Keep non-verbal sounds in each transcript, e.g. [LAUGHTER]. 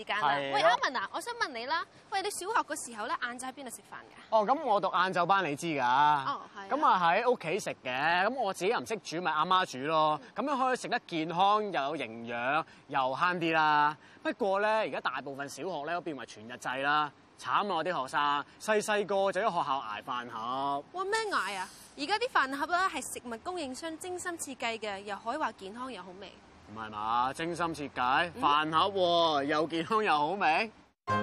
時間是的 喂，阿文啊，我想問你啦。喂，你小學嘅時候咧，晏晝喺邊度食飯噶？哦，咁我讀晏晝班，你知噶。哦，係。咁啊喺屋企食嘅，咁我自己又唔識煮，咪阿媽煮咯。咁樣、嗯、可以食得健康，又有營養，又慳啲啦。不過咧，而家大部分小學咧都變為全日制啦，慘啊！我啲學生細細個就喺學校捱飯盒。哇，咩捱啊？而家啲飯盒咧係食物供應商精心設計嘅，又可以話健康又好味。唔係嘛？精心設計飯盒，啊，又健康又好味。嗯、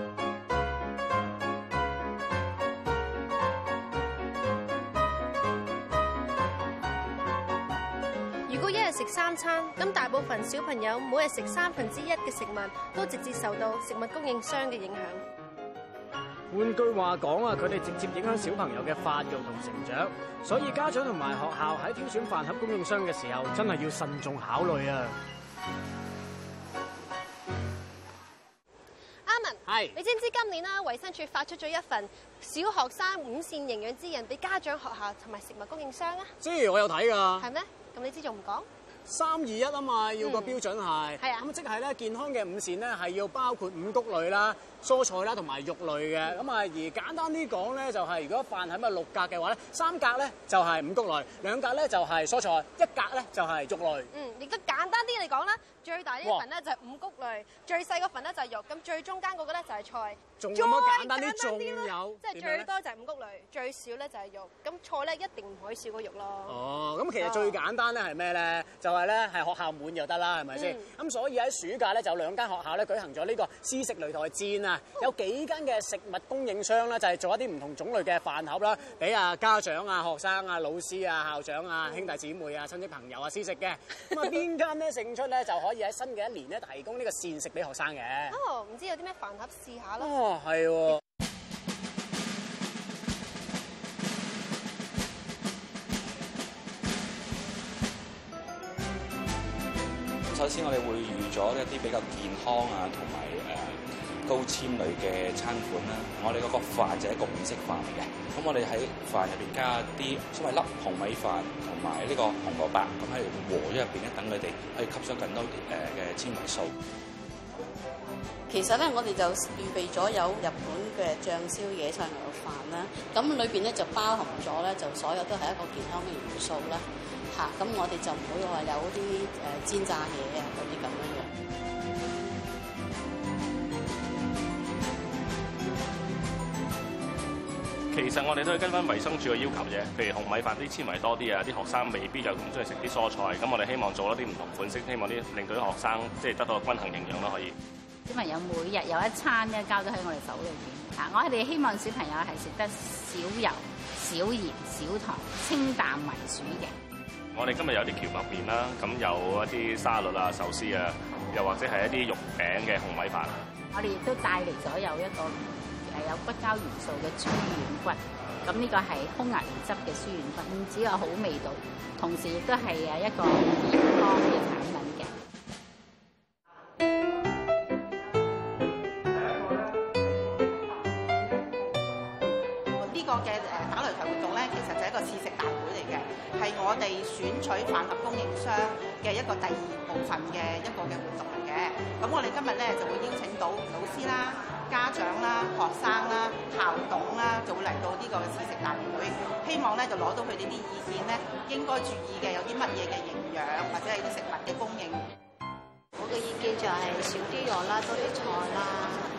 如果一日食三餐，咁大部分小朋友每日食三分之一嘅食物，都直接受到食物供應商嘅影響。換句話講啊，佢哋直接影響小朋友嘅發育同成長，所以家長同埋學校喺挑選飯盒供應商嘅時候，真係要慎重考慮啊！阿文，係你知唔知今年啦，衛生署發出咗一份小學生午膳營養指引俾家長、學校同埋食物供應商啊？知，我有睇㗎。係咩？咁你知仲唔講？三二一啊嘛，要個標準係，咁即係咧健康嘅午膳咧係要包括五穀類啦、蔬菜啦同埋肉類嘅，咁啊而簡單啲講咧就係如果飯係咪六格嘅話咧，三格咧就係五穀類，兩格咧就係蔬菜，一格咧就係肉類。嗯，亦都簡單啲嚟講咧，最大嘅份咧就係五穀類，最細嗰份咧就係肉，咁最中間嗰個咧就係菜。仲咁簡單啲，仲有，即係最多就係五穀類，最少咧就係肉，咁菜咧一定唔可以少過肉咯。哦，咁其實最簡單咧係咩咧？就係咧，係學校滿就得啦，係咪先？咁、嗯、所以喺暑假咧，就有兩間學校咧舉行咗呢個試食擂台戰啊！有幾間嘅食物供應商咧，就係做一啲唔同種類嘅飯盒啦，俾啊家長啊、學生啊、老師啊、校長啊、兄弟姊妹啊、親戚朋友啊試食嘅。咁啊，邊間咧勝出咧，就可以喺新嘅一年咧提供呢個膳食俾學生嘅。哦，唔知有啲咩飯盒試下咯。哦，係喎。首先我哋會預咗一啲比較健康啊，同埋誒高纖類嘅餐款啦。我哋嗰個飯就係一個五色飯嚟嘅，咁我哋喺飯入邊加啲粟米粒、紅米飯同埋呢個紅蘿蔔，咁喺和咗入邊咧，等佢哋可以吸收更多誒嘅纖維素。其實咧，我哋就預備咗有日本嘅醬燒野菜牛肉飯啦。咁裏面咧就包含咗咧，就所有都係一個健康嘅元素啦。嚇，咁我哋就唔會話有啲誒煎炸嘢啊嗰啲咁樣嘅。其實我哋都係跟翻衞生署嘅要求嘅，譬如紅米飯啲纖維多啲啊。啲學生未必就咁中意食啲蔬菜，咁我哋希望做一啲唔同款式，希望啲令到啲學生即係得到均衡營養啦，可以。小朋友每日有一餐咧，交咗喺我哋手裏面吓。我哋希望小朋友係食得少油、少鹽、少糖，清淡為主嘅。我哋今日有啲蕎麥麵啦，咁有一啲沙律啊、壽司啊，又或者係一啲肉餅嘅紅米飯。我哋亦都帶嚟咗有一個係有骨膠原素嘅豬軟骨，咁呢個係空壓凝質嘅豬軟骨，唔止有好味道，同時亦都係誒一個健康嘅產品嘅。選取飯盒供應商嘅一個第二部分嘅一個嘅活動嚟嘅，咁，我哋今日咧就會邀請到老師啦、家長啦、學生啦、校董啦，就會嚟到呢個試食大會，希望咧就攞到佢哋啲意見咧，應該注意嘅有啲乜嘢嘅營養或者係啲食物嘅供應。我嘅意見就係少啲肉啦，多啲菜啦，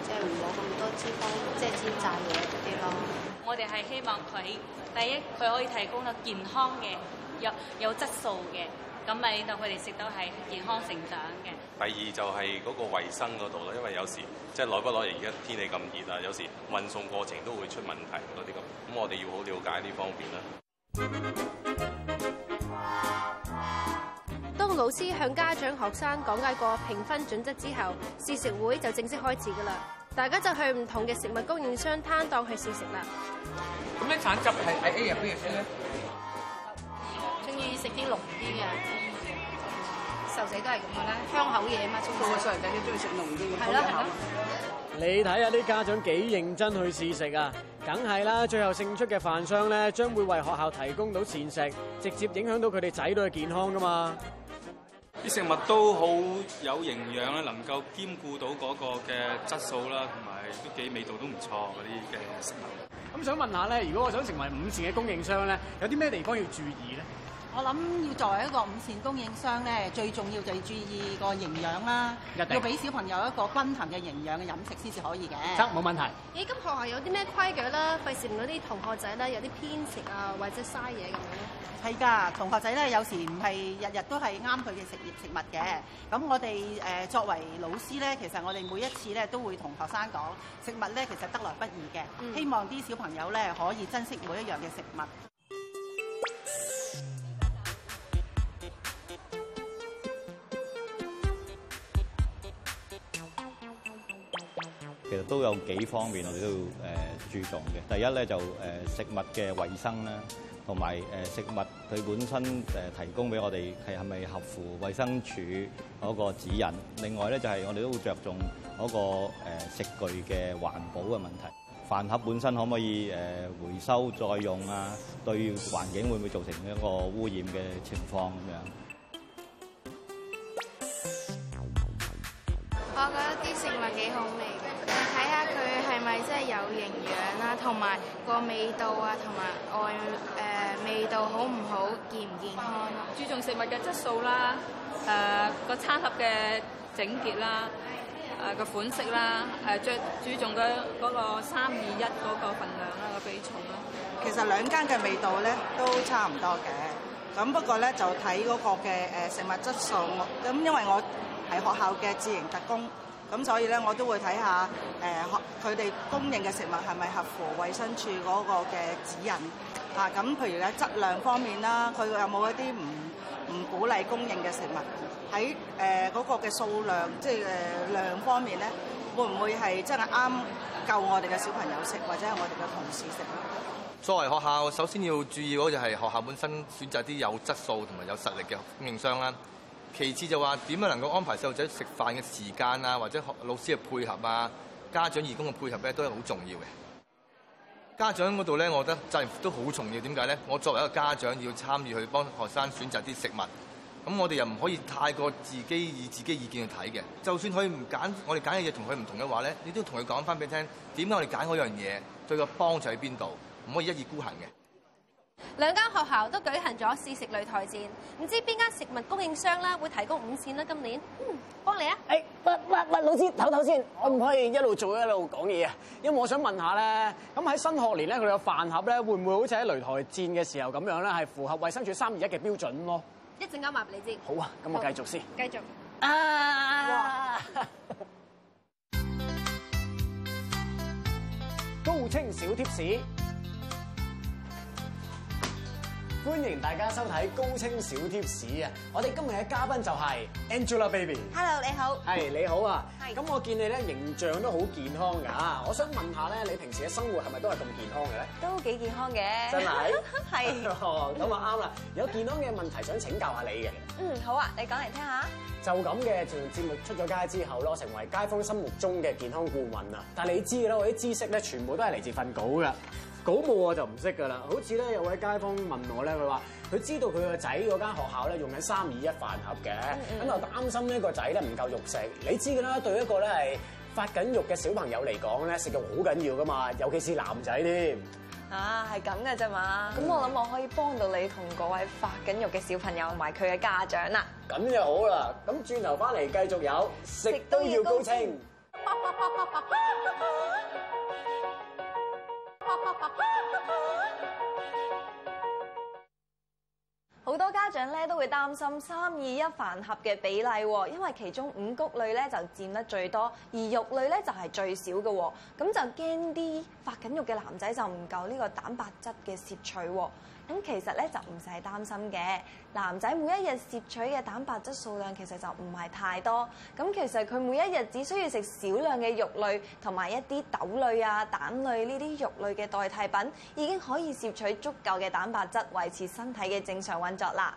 即係唔好咁多脂肪，即係、嗯、煎炸嘢嗰啲咯。我哋係希望佢第一，佢可以提供到健康嘅。有有質素嘅，咁咪令到佢哋食到係健康成長嘅。第二就係嗰個衞生嗰度咯，因為有時即係耐不耐，而家天氣咁熱啊，有時運送過程都會出問題嗰啲咁，咁我哋要好了解呢方面啦。當老師向家長、學生講解過評分準則之後，試食會就正式開始噶啦，大家就去唔同嘅食物供應商攤檔去試食啦。咁咧，橙汁係喺 A 入邊入邊咧？食啲濃啲嘅，細路仔都係咁嘅啦，香口嘢嘛。個細路仔都中意食濃啲嘅。係咯係咯。你睇下啲家長幾認真去試食啊！梗係啦，最後勝出嘅飯商咧，將會為學校提供到膳食，直接影響到佢哋仔女嘅健康噶嘛。啲食物都好有營養咧，能夠兼顧到嗰個嘅質素啦，同埋都幾味道都唔錯嗰啲嘅食物。咁想問下咧，如果我想成為午膳嘅供應商咧，有啲咩地方要注意咧？我諗要作為一個午膳供應商咧，最重要就係注意個營養啦，定要俾小朋友一個均衡嘅營養嘅飲食先至可以嘅。得，冇問題。咦、欸，咁學校有啲咩規矩啦？費事嗰啲同學仔咧有啲偏食啊，或者嘥嘢咁樣係噶，同學仔咧有時唔係日日都係啱佢嘅食食物嘅。咁我哋、呃、作為老師咧，其實我哋每一次咧都會同學生講，食物咧其實得來不易嘅，嗯、希望啲小朋友咧可以珍惜每一樣嘅食物。其實都有幾方面，我哋都要誒注重嘅。第一咧就誒食物嘅衛生啦，同埋誒食物佢本身誒提供俾我哋係係咪合乎衛生署嗰個指引。另外咧就係我哋都會著重嗰個誒食具嘅環保嘅問題。飯盒本身可唔可以誒回收再用啊？對環境會唔會造成一個污染嘅情況咁樣？同埋個味道啊，同埋外誒、呃、味道好唔好，健唔健康？注重食物嘅質素啦，誒、呃、個餐盒嘅整潔啦，誒、呃、個款式啦，誒、呃、最注重嘅嗰個三二一嗰個份量啦，個比重啦。其實兩間嘅味道咧都差唔多嘅，咁不過咧就睇嗰個嘅誒食物質素。咁因為我係學校嘅智營特工。咁所以咧，我都會睇下誒，佢、呃、哋供應嘅食物係咪合乎衛生署嗰個嘅指引啊？咁譬如呢，質量方面啦，佢有冇一啲唔唔鼓勵供應嘅食物？喺誒嗰個嘅數量，即係誒量方面咧，會唔會係真係啱夠我哋嘅小朋友食，或者係我哋嘅同事食？作為學校，首先要注意嗰就係學校本身選擇啲有質素同埋有實力嘅供應商啦。其次就話點樣能夠安排細路仔食飯嘅時間啊，或者學老師嘅配合啊，家長義工嘅配合咧，都係好重要嘅。家長嗰度咧，我覺得就係都好重要。點解咧？我作為一個家長要參與去幫學生選擇啲食物，咁我哋又唔可以太過自己以自己意見去睇嘅。就算佢唔揀，我哋揀嘅嘢同佢唔同嘅話咧，你都要同佢講翻俾佢聽，點解我哋揀嗰樣嘢對個幫助喺邊度，唔可以一意孤行嘅。兩間學校都舉行咗試食擂台戰，唔知邊間食物供應商啦會提供午膳啦？今年，嗯，幫你啊！誒，喂喂，喂，老師唞唞先，可唔好 可以一路做一路講嘢啊！因為我想問一下咧，咁喺新學年咧，佢哋嘅飯盒咧會唔會好似喺擂台戰嘅時候咁樣咧，係符合衛生署三二一嘅標準咯？一陣間話俾你知。好，那好續啊，咁我繼續先。繼續啊！高清小貼士。歡迎大家收睇高清小貼士啊！我哋今日嘅嘉賓就係 Angela Baby。Hello，你好。係、hey, 你好啊。咁是我見你咧，形象都好健康㗎是我想問下咧，你平時嘅生活係咪都係咁健康嘅咧？都幾健康嘅。真係的。係 [LAUGHS] 是。咁啊啱啦！有健康嘅問題想請教下你嘅。嗯，好啊，你講嚟聽下。就咁嘅做節目出咗街之後咯，成為街坊心目中嘅健康顧問啊！但係你知囉，啦，我啲知識咧，全部都係嚟自份稿㗎。保姆我就唔識㗎啦，好似咧有位街坊問我咧，佢話佢知道佢個仔嗰間學校咧用緊三二一飯盒嘅，咁就、嗯嗯、擔心呢個仔咧唔夠肉食。你知㗎啦，對一個咧係發緊肉嘅小朋友嚟講咧，食肉好緊要㗎嘛，尤其是男仔添。啊，係咁嘅啫嘛，咁、嗯、我諗我可以幫到你同嗰位發緊肉嘅小朋友埋佢嘅家長啦。咁就好啦，咁轉頭翻嚟繼續有食都要高清。 [LAUGHS] 好多家長咧都會擔心三二一飯盒嘅比例，因為其中五穀類咧就佔得最多，而肉類咧就係最少嘅，咁就驚啲發緊肉嘅男仔就唔夠呢個蛋白質嘅攝取。咁其實咧就唔使擔心嘅。男仔每一日攝取嘅蛋白質數量其實就唔係太多。咁其實佢每一日只需要食少量嘅肉類同埋一啲豆類啊、蛋類呢啲肉類嘅代替品，已經可以攝取足夠嘅蛋白質，維持身體嘅正常運作啦。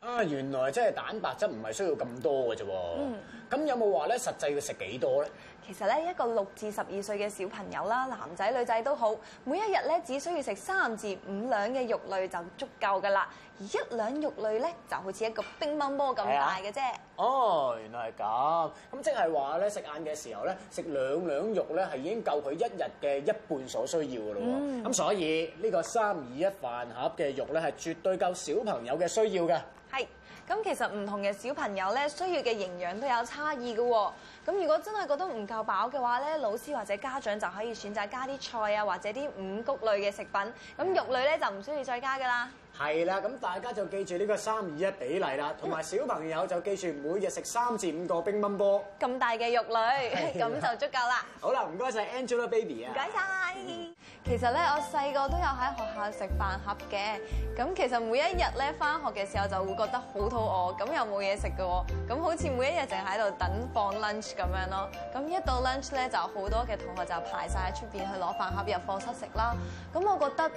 啊，原來即係蛋白質唔係需要咁多嘅啫。嗯、咁有冇話咧，實際要食幾多咧？其實咧，一個六至十二歲嘅小朋友啦，男仔女仔都好，每一日咧只需要食三至五兩嘅肉類就足夠噶啦。而一兩肉類咧，就好似一個乒乓波咁大嘅啫的。哦，原來係咁。咁即係話咧，食晏嘅時候咧，食兩兩肉咧係已經夠佢一日嘅一半所需要噶咯。咁、嗯、所以呢個三二一飯盒嘅肉咧係絕對夠小朋友嘅需要嘅。係。咁其實唔同嘅小朋友咧，需要嘅營養都有差異嘅喎。咁如果真係覺得唔夠飽嘅話咧，老師或者家長就可以選擇加啲菜啊，或者啲五穀類嘅食品。咁肉類咧就唔需要再加噶啦。係啦，咁大家就記住呢個三二一比例啦，同埋小朋友就記住每日食三至五個乒乓波咁大嘅肉類，咁就足夠啦。好啦，唔該晒 Angela Baby 啊！唔該晒。其實咧，我細個都有喺學校食飯盒嘅。咁其實每一日咧，返學嘅時候就會覺得好肚餓，咁又冇嘢食㗎喎。咁好似每一日淨係喺度等放 lunch 咁樣咯。咁一到 lunch 咧，就好多嘅同學就排晒喺出邊去攞飯盒入課室食啦。咁我覺得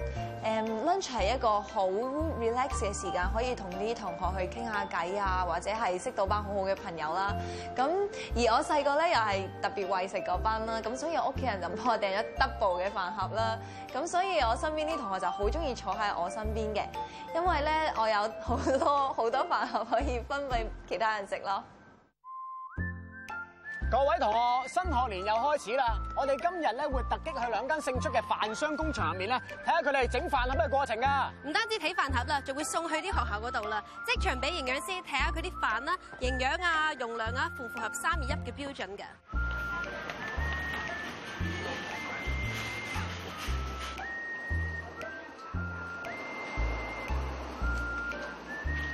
誒 lunch 係一個好 relax 嘅時間，可以同啲同學去傾下偈啊，或者係識到班好好嘅朋友啦。咁而我細個咧又係特別為食嗰班啦，咁所以屋企人就幫我訂咗 double 嘅飯盒啦。咁所以，我身邊啲同學就好中意坐喺我身邊嘅，因為咧我有好多好多飯盒可以分俾其他人食咯。各位同學，新學年又開始啦！我哋今日咧會突擊去兩間勝出嘅飯商工場入面咧，睇下佢哋整飯盒咩過程噶。唔單止睇飯盒啦，仲會送去啲學校嗰度啦，即場俾營養師睇下佢啲飯啦，營養啊、容量啊，符唔符合三二一嘅標準嘅。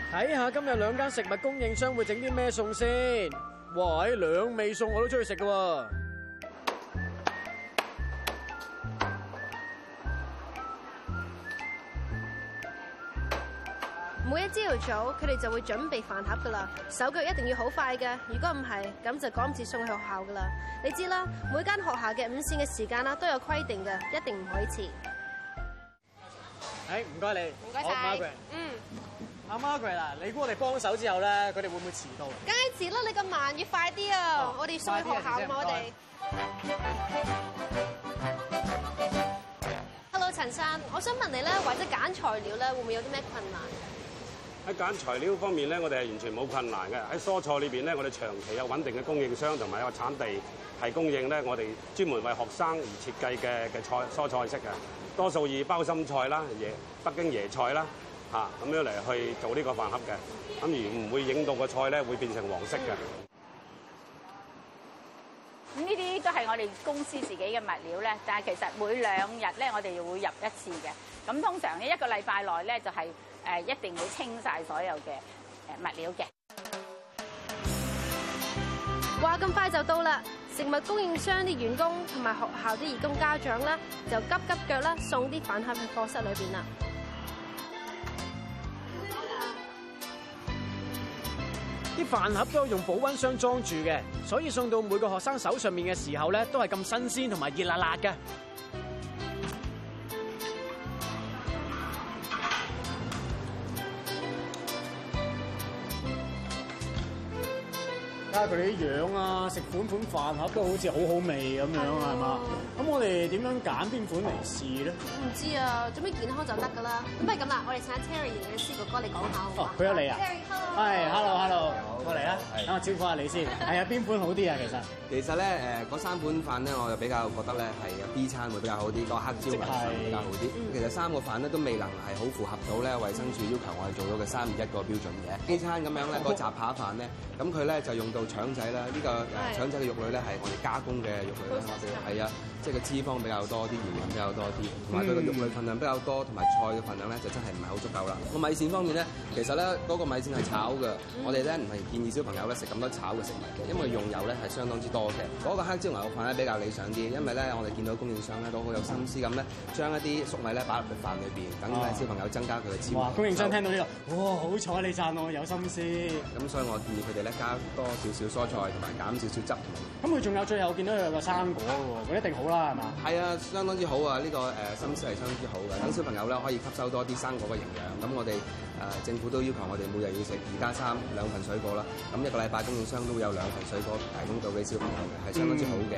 睇下今日兩間食物供應商會整啲咩餸先。哇，喂，兩味餸我都鍾意食噶。每一朝早佢哋就會準備飯盒噶啦，手腳一定要好快㗎。如果唔係，咁就趕唔切送去學校噶啦。你知啦，每間學校嘅午膳嘅時間啦都有規定㗎，一定唔可以遲。誒，唔該你，唔該晒，嗯。阿媽佢嗱，Margaret，你估我哋幫手之後咧，佢哋會唔會遲到？梗係遲啦！你咁慢，哦，要快啲點啊！我哋送去學校嘛，我哋。Hello，陳生，我想問你咧，或者揀材料咧，會唔會有啲咩困難？喺揀材料方面咧，我哋係完全冇困難嘅。喺蔬菜裏邊咧，我哋長期有穩定嘅供應商同埋有一個產地係供應咧，我哋專門為學生而設計嘅嘅菜蔬菜式嘅，多數以包心菜啦、椰北京椰菜啦。咁樣嚟去做呢個飯盒嘅，咁而唔會影到個菜咧，會變成黃色嘅。咁呢啲都係我哋公司自己嘅物料咧，但係其實每兩日咧，我哋會入一次嘅。咁通常一個禮拜內咧，就係誒一定會清晒所有嘅誒物料嘅。話咁快就到啦，食物供應商啲員工同埋學校啲義工家長咧，就急急腳啦，送啲飯盒去課室裏面啦。飯盒都有用保溫箱裝住嘅，所以送到每個學生手上面嘅時候咧，都係咁新鮮同埋熱辣辣嘅。佢啲樣啊，食款款飯盒都好似好好味咁樣，係嘛、哦？咁我哋點樣揀邊款嚟試咧？我唔知啊，做咩健康就得㗎啦。咁係咁啦，我哋請 Terry 嘅、嗯、師傅哥你講下好嗎？哦，佢有嚟啊！係 hello,，Hello Hello，過嚟啊！等我招呼下你先。係啊、哎，邊款好啲啊？其實其實咧誒，嗰三款飯咧，我就比較覺得咧係 B 餐會比較好啲，個、就是、黑椒雲會比較好啲。嗯、其實三個飯咧都未能係好符合到咧衞生署要求我哋做到嘅三二一個標準嘅。A 餐咁樣咧、那個雜扒飯咧，咁佢咧就用到。腸仔啦，呢、這個誒腸仔嘅肉類咧係我哋加工嘅肉類啦，係啊的，即係個脂肪比較多啲，鹽分比較多啲，同埋佢個肉類份量比較多，同埋、嗯、菜嘅份量咧就真係唔係好足夠啦。個米線方面咧，其實咧嗰個米線係炒嘅，嗯、我哋咧唔係建議小朋友咧食咁多炒嘅食物嘅，因為用油咧係相當之多嘅。嗰、嗯、個黑椒牛肉飯咧比較理想啲，因為咧我哋見到供應商咧都好有心思咁咧，將一啲粟米咧擺入去飯裏邊，等小朋友增加佢嘅脂肪。哇！供應商聽到呢、這個，哇！好彩你讚我有心思。咁所以我建議佢哋咧加多少少。蔬菜同埋減少少汁，咁佢仲有最後見到有一個生果喎，佢對一定好啦，係嘛？係啊，相當之好啊！呢、這個誒、呃、心思係相當之好嘅，等小朋友咧可以吸收多啲生果嘅營養。咁我哋誒、呃、政府都要求我哋每日要食二加三兩份水果啦。咁一個禮拜供應商都有兩份水果提供到俾小朋友嘅，係相當之好嘅。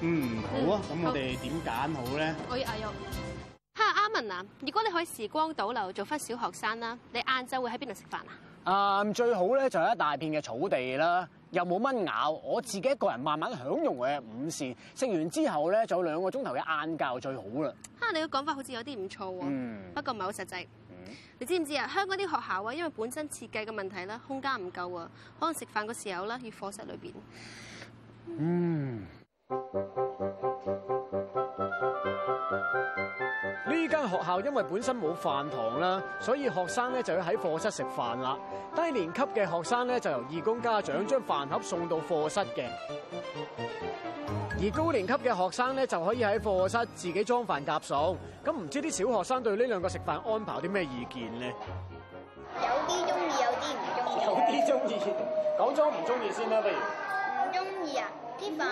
嗯，對嗯，好啊。咁我哋點揀好咧？好呢我依阿玉哈，阿文啊，如果你可以時光倒流做翻小學生啦、啊，你晏晝會喺邊度食飯啊？啊，最好咧就係一大片嘅草地啦，又冇蚊咬，我自己一個人慢慢享用嘅午膳，食完之後咧，仲有兩個鐘頭嘅晏覺最好啦。嚇，你嘅講法好似有啲唔錯喎，嗯、不過唔係好實際。嗯、你知唔知啊？香港啲學校啊，因為本身設計嘅問題啦，空間唔夠啊，可能食飯嘅時候咧，要課室裏邊。嗯。嗯學校因為本身冇飯堂啦，所以學生咧就要喺課室食飯啦。低年級嘅學生咧就由義工家長將飯盒送到課室嘅，而高年級嘅學生咧就可以喺課室自己裝飯夾餸。咁唔知啲小學生對呢兩個食飯安排有啲咩意見咧？有啲中意，有啲唔中意。有啲中意，講咗唔中意先啦，不如。唔中意啊！啲飯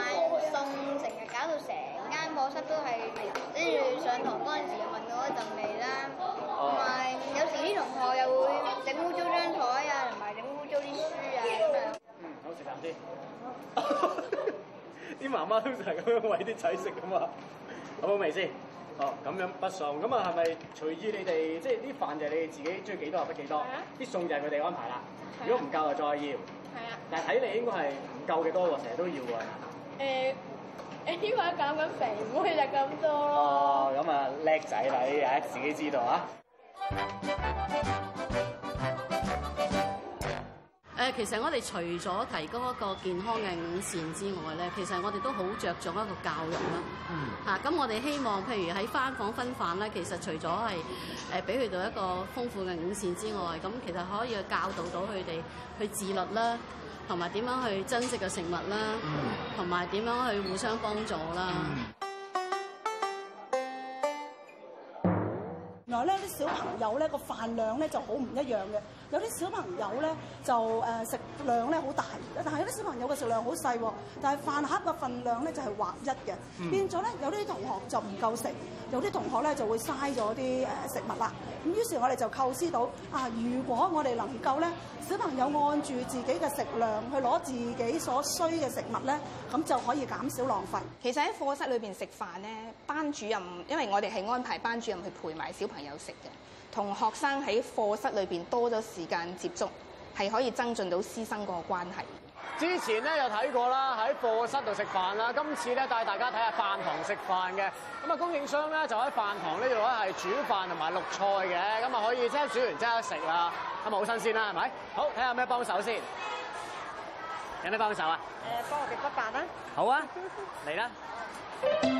送成日搞到成。課室都係，跟住上堂嗰陣時聞到一陣味啦，同埋有，有時啲同學又會整污糟張台啊，同埋整污糟啲書啊。是是嗯，好食啖先。啲 [LAUGHS] 媽媽都就係咁樣餵啲仔食咁嘛，好冇味先。哦，咁樣不送。咁啊係咪隨意你哋？即係啲飯就係你哋自己中意幾多，是多是、啊、就畢幾多，啲餸就係佢哋安排啦。啊、如果唔夠就再要。係啊。但係睇你應該係唔夠嘅多喎，成日都要喎。誒、欸。誒，點解減緊肥？妹就咁多咯。哦，咁啊叻仔啦，呢啊自己知道啊。誒，其實我哋除咗提供一個健康嘅午膳之外咧，其實我哋都好着重一個教育啦。嗯。嚇、啊，咁我哋希望，譬如喺翻房分飯咧，其實除咗係誒俾佢到一個豐富嘅午膳之外，咁其實可以去教導到佢哋去自律啦。同埋點樣去珍惜嘅食物啦，同埋點樣去互相幫助啦。咧啲小朋友咧個飯量咧就好唔一樣嘅，有啲小朋友咧就誒食量咧好大，但係有啲小朋友嘅食量好細，但係飯盒嘅份量咧就係劃一嘅，嗯、變咗咧有啲同學就唔夠食，有啲同學咧就會嘥咗啲誒食物啦。咁於是，我哋就構思到啊，如果我哋能夠咧小朋友按住自己嘅食量去攞自己所需嘅食物咧，咁就可以減少浪費。其實喺課室裏邊食飯咧，班主任因為我哋係安排班主任去陪埋小朋友有食嘅，同學生喺課室裏邊多咗時間接觸，係可以增進到師生嗰個關係。之前咧有睇過啦，喺課室度食飯啦，今次咧帶大家睇下飯堂食飯嘅。咁啊，供應商咧就喺飯堂呢度咧係煮飯同埋淥菜嘅，咁啊可以即刻煮完即刻食啦，咁啊好新鮮啦，係咪？好，睇下咩幫手先，有咩幫手啊？誒，幫我哋執飯啦、啊。好啊，嚟啦。 [LAUGHS]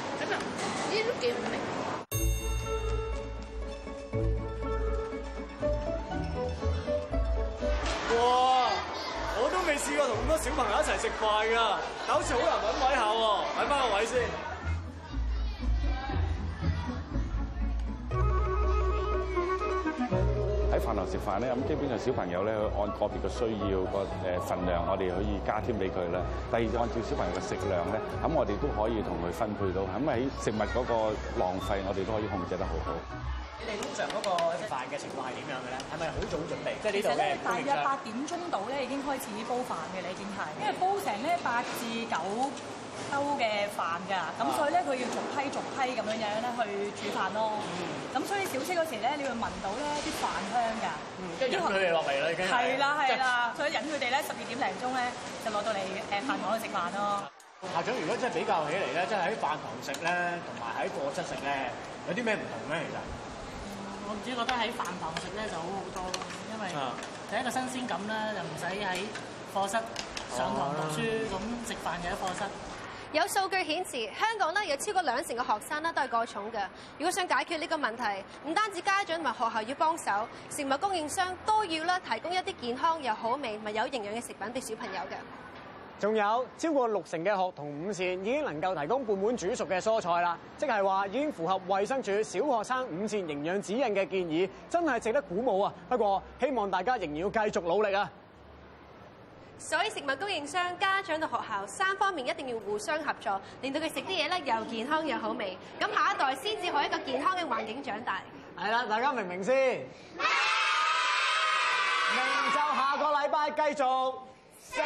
哇！我都未試過同咁多小朋友一齊食飯㗎，但好似好難揾位，下喎，揾翻個位先。飯堂食飯咧，咁基本上小朋友咧，按個別嘅需要個誒份量，我哋可以加添俾佢啦。第二就按照小朋友嘅食量咧，咁我哋都可以同佢分配到，咁喺食物嗰個浪費，我哋都可以控制得好好。你通常嗰個飯嘅情況係點樣嘅咧？係咪好早準備？即係呢度咧，其實大約八點鐘到咧已經開始煲飯嘅，你點睇？嗯、因為煲成咧八至九兜嘅飯㗎，咁、啊、所以咧佢要逐批逐批咁樣樣咧去煮飯咯。咁、嗯、所以小息嗰時咧，你會聞到咧啲飯香㗎。嗯，即佢哋落嚟啦，已經為。係啦，係啦，就是、所以引佢哋咧十二點零鐘咧就攞到嚟誒飯堂、嗯、去食飯咯。校長，如果真係比較起嚟咧，即係喺飯堂食咧，同埋喺課室食咧，有啲咩唔同咧？其實？我唔知覺得喺飯堂食咧就好好多咯，因為第一個新鮮感啦，又唔使喺課室上堂讀書咁食飯嘅喺課室。課室有數據顯示，香港咧有超過兩成嘅學生咧都係過重嘅。如果想解決呢個問題，唔單止家長同埋學校要幫手，食物供應商都要啦，提供一啲健康又好味、咪有營養嘅食品俾小朋友嘅。仲有超過六成嘅學童午膳已經能夠提供半碗煮熟嘅蔬菜啦，即係話已經符合衛生署小學生午膳營養指引嘅建議，真係值得鼓舞啊！不過希望大家仍然要繼續努力啊！所以食物供應商、家長同學校三方面一定要互相合作，令到佢食啲嘢咧又健康又好味，咁下一代先至可以一個健康嘅環境長大。係啦，大家明唔 [LAUGHS] 明先？明就下個禮拜繼續食。